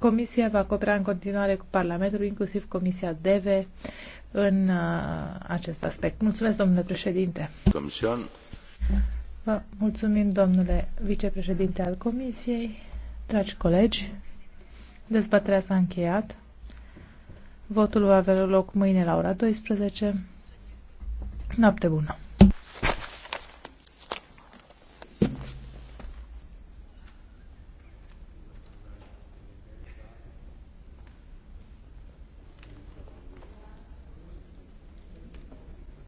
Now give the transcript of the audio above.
Comisia va coopera în continuare cu Parlamentul, inclusiv Comisia DEVE, în uh, acest aspect. Mulțumesc, domnule președinte. Comision. Vă mulțumim, domnule vicepreședinte al Comisiei, dragi colegi. Dezbaterea s-a încheiat. Votul va avea loc mâine la ora 12. Noapte bună!